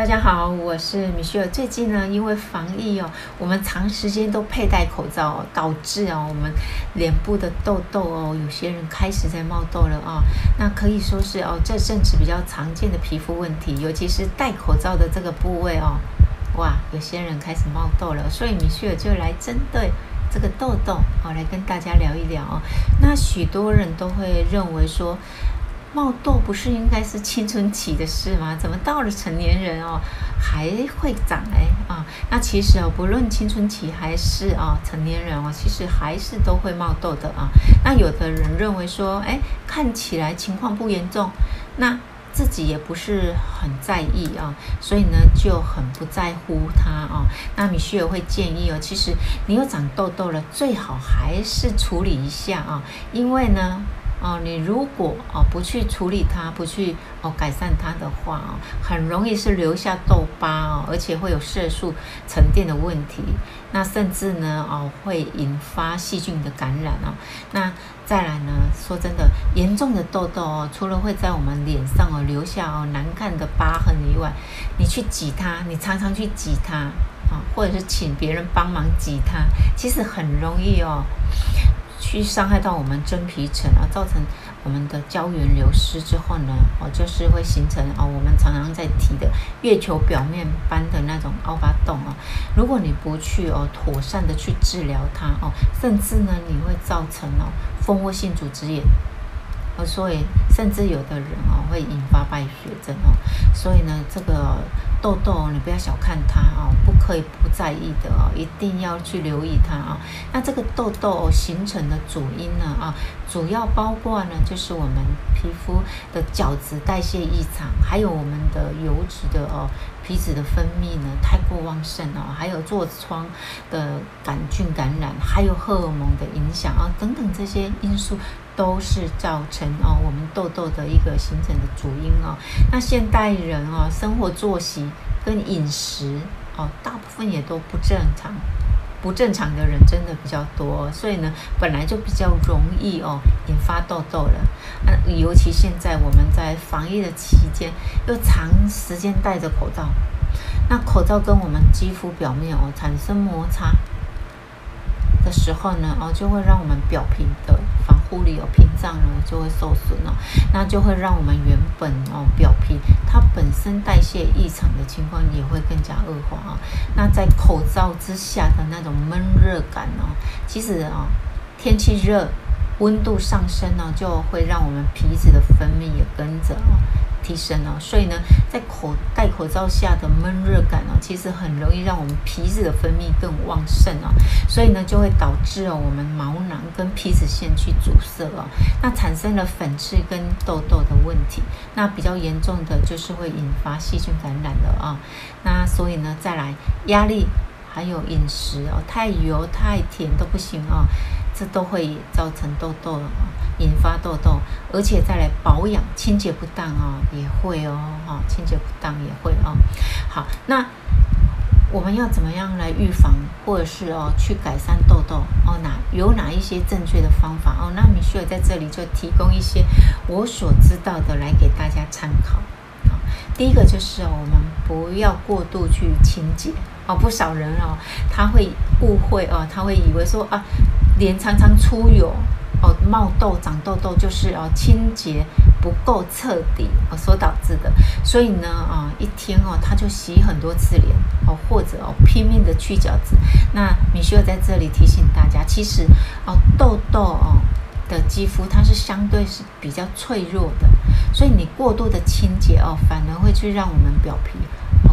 大家好，我是米雪兒。最近呢，因為防疫哦，我們長時間都佩戴口罩哦，導致哦，我們臉部的痘痘哦，有些人開始在冒痘了哦。那可以說是哦，這陣子比較常見的皮膚問題，尤其是戴口罩的這個部位哦，哇，有些人開始冒痘了。所以米雪兒就來針對這個痘痘哦，來跟大家聊一聊哦。那許多人都會認為說。冒痘不是應該是青春期的事嗎？怎麼到了成年人哦還會長哎啊？那其實哦，不論青春期還是啊、哦、成年人哦，其實還是都會冒痘的啊。那有的人認為說，哎，看起來情況不嚴重，那自己也不是很在意啊，所以呢就很不在乎它啊。那米雪兒也會建議哦，其實你又長痘痘了，最好還是處理一下啊，因為呢。哦，你如果哦不去處理它，不去哦改善它的話哦，很容易是留下痘疤哦，而且會有色素沉澱的問題。那甚至呢哦，會引發細菌的感染哦。那再來呢，說真的，嚴重的痘痘哦，除了會在我們臉上哦留下哦難看的疤痕以外，你去擠它，你常常去擠它啊，哦，或者是請別人幫忙擠它，其實很容易哦。去傷害到我們真皮層啊，造成我們的膠原流失之後呢，哦，就是會形成啊、哦，我們常常在提的月球表面般的那種凹疤洞啊。如果你不去哦，妥善的去治療它哦，甚至呢，你會造成哦，蜂窩性組織炎，哦，所以甚至有的人哦，會引發敗血症哦。所以呢，這個。痘痘，你不要小看它哦，不可以不在意的哦，一定要去留意它啊、哦。那這個痘痘形成的主因呢啊，主要包括呢，就是我們皮膚的角質代謝異常，還有我們的油脂的哦。鼻子的分泌呢太過旺盛哦，還有痤瘡的桿菌感染，還有荷爾蒙的影響啊、哦、等等這些因素都是造成哦我們痘痘的一個形成的主因哦。那現代人哦生活作息跟飲食哦大部分也都不正常。不正常的人真的比較多，所以呢，本來就比較容易哦引發痘痘了。嗯，尤其現在我們在防疫的期間，又長時間戴着口罩，那口罩跟我們肌膚表面哦產生摩擦的時候呢，哦，就會讓我們表皮的。護理有屏障呢，就會受損了，那就會讓我們原本哦表皮它本身代謝異常的情況也會更加惡化啊。那在口罩之下的那種悶熱感呢，其實啊，天氣熱，溫度上升呢，就會讓我們皮脂的分泌也跟着啊。提升了，啊，所以呢，在口戴口罩下的悶熱感哦，啊，其實很容易讓我們皮脂的分泌更旺盛哦，啊，所以呢，就會導致哦，我們毛囊跟皮脂腺去阻塞哦，那產生了粉刺跟痘痘的問題。那比較嚴重的就是會引發細菌感染的啊。那所以呢，再來壓力還有飲食哦，啊，太油太甜都不行哦，啊，這都會造成痘痘了。引發痘痘，而且再來保養清潔不當哦，也會哦，哈，清潔不當也會哦。好，那我們要怎麼樣來預防，或者是哦，去改善痘痘哦？哪有哪一些正確的方法哦？那米雪兒在這裡就提供一些我所知道的來給大家參考啊、哦。第一個就是我們不要過度去清潔哦，不少人哦，他會誤會哦，他會以為說啊，臉常常出油。哦，冒痘長痘痘就是哦清潔不夠徹底、哦、所導致的，所以呢，啊、哦、一天哦他就洗很多次臉，哦或者哦拼命的去角質。那米雪兒在這裡提醒大家，其實哦痘痘哦的肌膚它是相對是比較脆弱的，所以你過度的清潔哦，反而會去讓我們表皮。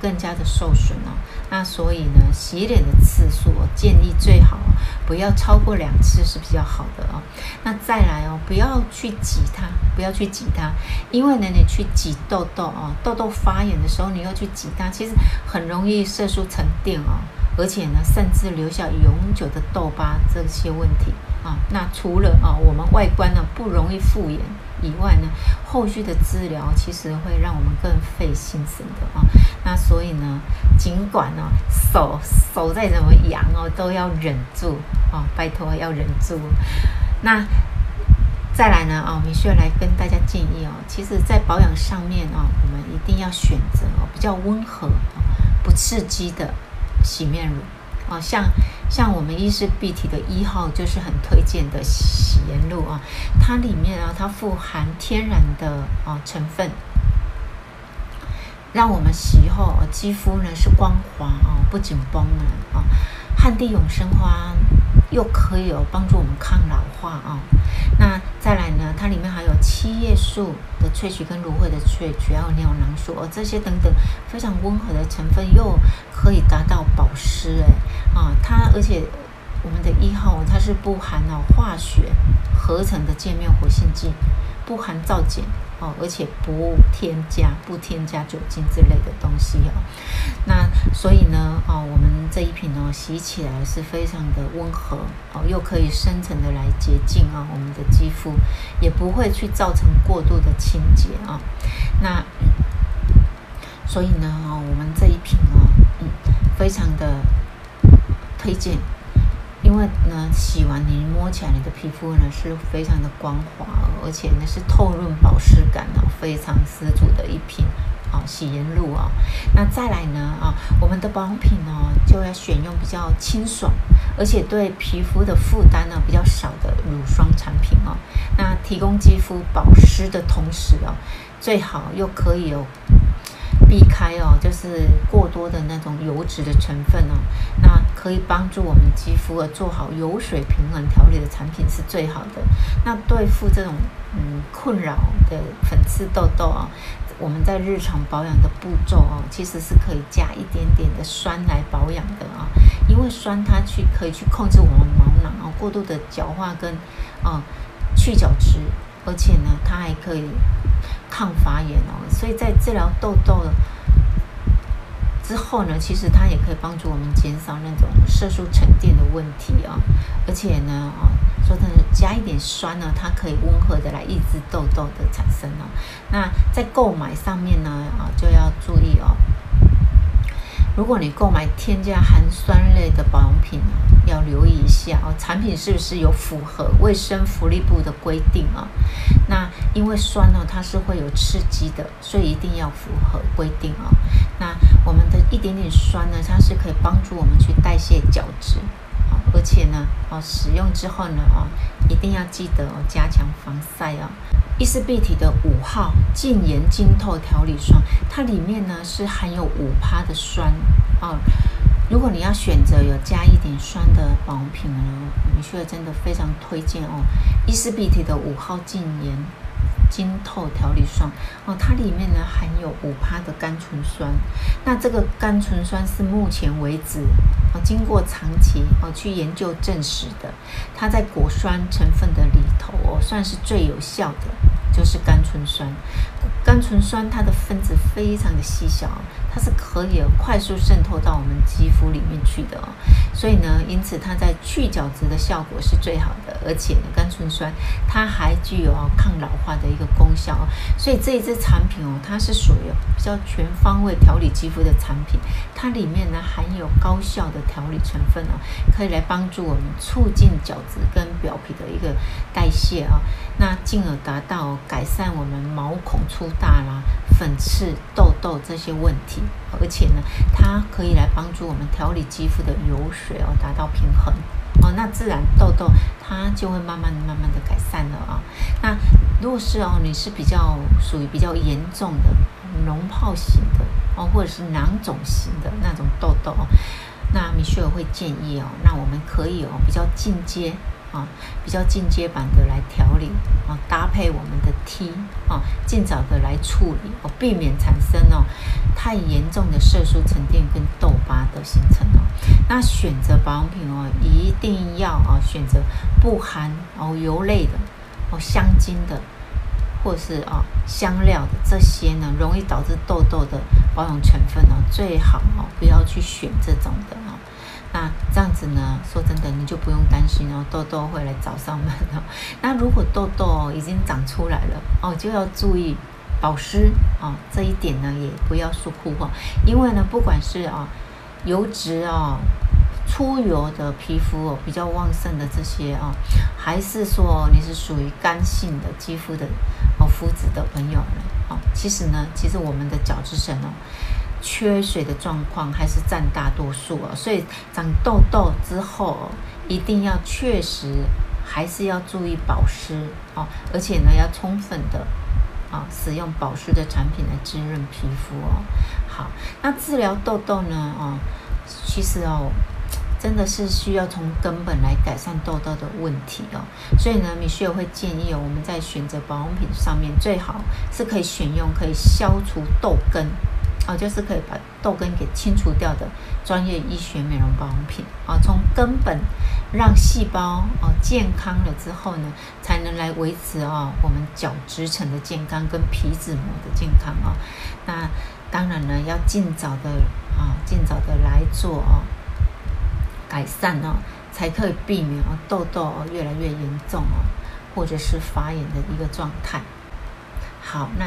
更加的受損哦，那所以呢，洗臉的次數我、哦、建議最好、哦、不要超過兩次是比較好的哦。那再來哦，不要去擠它，不要去擠它，因為呢，你去擠痘痘哦，痘痘發炎的時候你要去擠它，其實很容易色素沉澱哦，而且呢，甚至留下永久的痘疤這些問題啊。那除了啊，我們外觀呢不容易復原。以外呢，後續的治療其實會讓我們更費心神的啊、哦。那所以呢，儘管呢、哦，手手再怎麼癢哦，都要忍住啊、哦，拜托要忍住。那再來呢，啊、哦，我們需要來跟大家建議哦，其實在保養上面啊、哦，我們一定要選擇、哦、比較溫和、哦、不刺激的洗面乳啊、哦，像。像我們伊絲碧媞的一號就是很推薦的洗顏露啊，它裡面啊，它富含天然的啊、哦、成分，讓我們洗後啊肌膚呢是光滑啊、哦，不緊繃啊。旱、哦、地永生花又可以哦幫助我們抗老化啊、哦，那。再來呢，它裡面含有七葉樹的萃取跟蘆薈的萃取，還有尿囊素，哦，這些等等非常溫和的成分，又可以達到保濕。哎，啊、哦，它而且我們的一號它是不含哦化學合成的界面活性劑，不含皂鹼。哦，而且不添加、不添加酒精之類的東西哦。那所以呢，哦，我們這一瓶哦，洗起來是非常的溫和哦，又可以深層的來潔淨啊、哦，我們的肌膚也不會去造成過度的清潔啊、哦。那所以呢，哦，我們這一瓶哦，嗯，非常的推薦。因為呢，洗完你摸起來你的皮膚呢是非常的光滑，而且呢是透潤保濕感哦，非常十足的一瓶哦，洗顏露哦。那再來呢啊、哦，我們的保養品呢、哦、就要選用比較清爽，而且對皮膚的負擔呢比較少的乳霜產品哦。那提供肌膚保濕的同時哦，最好又可以有、哦。避開哦，就是過多的那種油脂的成分哦，那可以幫助我們肌膚啊做好油水平衡調理的產品是最好的。那對付這種嗯困擾的粉刺痘痘啊、哦，我們在日常保養的步驟哦，其實是可以加一點點的酸來保養的啊、哦，因為酸它去可以去控制我們毛囊啊、哦、過度的角化跟啊、嗯、去角質。而且呢，它還可以抗發炎哦，所以在治療痘痘之後呢，其實它也可以幫助我們減少那種色素沉澱的問題哦。而且呢，哦，說它加一點酸呢，它可以溫和的來抑制痘痘的產生哦。那在購買上面呢，啊、哦，就要注意哦。如果你購買添加含酸類的保養品，要留意一下哦，產品是不是有符合衛生福利部的規定啊、哦？那因為酸呢、哦，它是會有刺激的，所以一定要符合規定啊、哦。那我們的一點點酸呢，它是可以幫助我們去代謝角質。而且呢，哦，使用之後呢，哦，一定要記得哦，加強防曬哦。伊絲碧媞的五號淨顏晶透調理霜，它裡面呢是含有五趴的酸哦。如果你要選擇有加一點酸的保養品哦，你需要真的非常推薦哦。伊絲碧媞的五號淨顏。晶透調理霜哦，它裡面呢含有五趴的甘醇酸，那這個甘醇酸是目前為止，哦，經過長期，哦，去研究證實的，它在果酸成分的裡頭哦，算是最有效的，就是甘醇酸。甘醇酸它的分子非常的細小。它是可以快速滲透到我們肌膚裡面去的哦，所以呢，因此它在去角質的效果是最好的，而且呢，甘醇酸它還具有抗老化的一個功效哦，所以這一支產品哦，它是屬於比較全方位調理肌膚的產品，它裡面呢含有高效的調理成分哦，可以來幫助我們促進角質跟表皮的一個代謝啊、哦，那進而達到改善我們毛孔粗大啦。粉刺、痘痘這些問題，而且呢，它可以來幫助我們調理肌膚的油水哦，達到平衡哦，那自然痘痘它就會慢慢、慢慢的改善了啊、哦。那如果是哦，你是比較屬於比較嚴重的膿泡型的哦，或者是囊腫型的那種痘痘哦，那米雪兒會建議哦，那我們可以哦比較進階。啊，比較進階版的來調理啊，搭配我們的 T 啊，盡早的來處理哦，避免產生哦太嚴重的色素沉澱跟痘疤的形成哦。那選擇保養品哦，一定要哦選擇不含哦油類的哦香精的或是哦香料的這些呢，容易導致痘痘的保養成分哦，最好哦不要去選這種的啊、哦。那這樣子呢？說真的，你就不用擔心哦，痘痘會來找上門哦。那如果痘痘已經長出來了哦，就要注意保濕哦。這一點呢，也不要疏忽哦。因為呢，不管是啊油脂啊、哦、出油的皮膚哦比較旺盛的這些啊、哦，還是說你是屬於乾性的肌膚的哦，膚質的朋友們哦，其實呢，其實我們的角質層哦。缺水的狀況還是佔大多數哦，所以長痘痘之後、哦、一定要確實還是要注意保濕哦，而且呢要充分的啊、哦、使用保濕的產品來滋潤皮膚哦。好，那治療痘痘呢啊、哦，其實哦真的是需要從根本來改善痘痘的問題哦，所以呢米雪會建議我們在選擇保養品上面最好是可以選用可以消除痘根。哦，就是可以把痘根給清除掉的專業醫學美容保養品哦，從根本讓細胞哦健康了之後呢，才能來維持哦我們角質層的健康跟皮脂膜的健康哦，那當然呢，要盡早的啊，哦，盡早的來做哦，改善哦，才可以避免哦痘痘哦越來越嚴重哦，或者是發炎的一個狀態。好，那。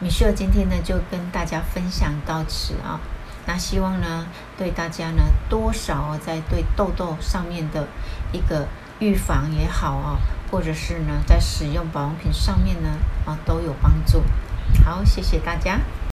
米雪兒今天呢就跟大家分享到此啊，那希望呢對大家呢多少在對痘痘上面的一個預防也好啊，或者是呢在使用保養品上面呢啊都有幫助。好，謝謝大家。